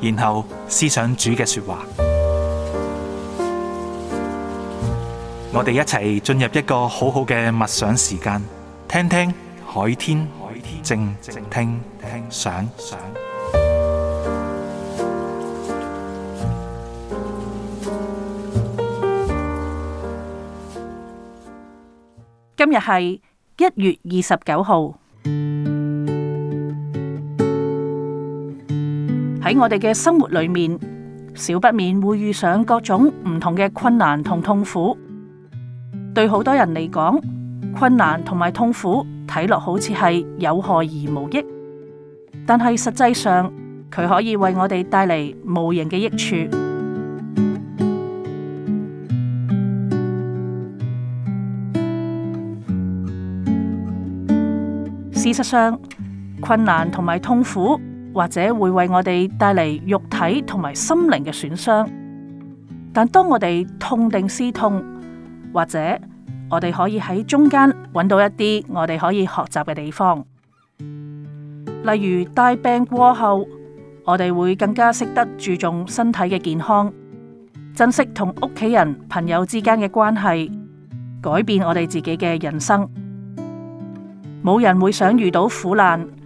然後思想主嘅說話，我哋一齊進入一個好好嘅默想時間，聽聽海天靜聽想。今日係一月二十九號。喺我哋嘅生活裏面，少不免會遇上各種唔同嘅困難同痛苦。對好多人嚟講，困難同埋痛苦睇落好似係有害而無益，但係實際上，佢可以為我哋帶嚟無形嘅益處。事實上，困難同埋痛苦。或者會為我哋帶嚟肉體同埋心靈嘅損傷，但當我哋痛定思痛，或者我哋可以喺中間揾到一啲我哋可以學習嘅地方，例如大病過後，我哋會更加識得注重身體嘅健康，珍惜同屋企人、朋友之間嘅關係，改變我哋自己嘅人生。冇人會想遇到苦難。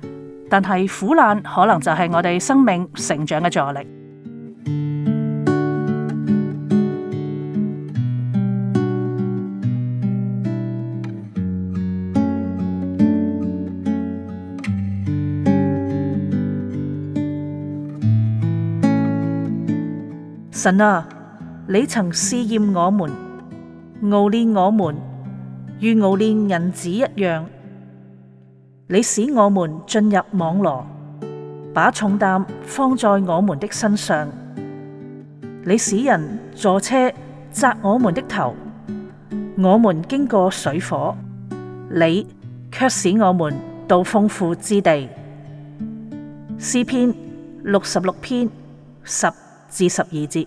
但係苦難可能就係我哋生命成長嘅助力。神啊，你曾試驗我們，熬煉我們，如熬煉銀子一樣。你使我們進入網羅，把重擔放在我們的身上。你使人坐車軋我們的頭，我們經過水火，你卻使我們到豐富之地。詩篇六十六篇十至十二節。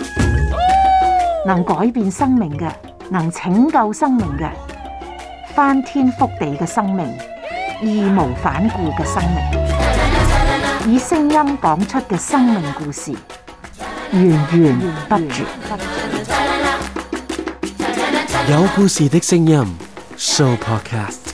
能改變生命嘅，能拯救生命嘅，翻天覆地嘅生命，義無反顧嘅生命，以聲音講出嘅生命故事，源源不絕。有故事的聲音，Show Podcast。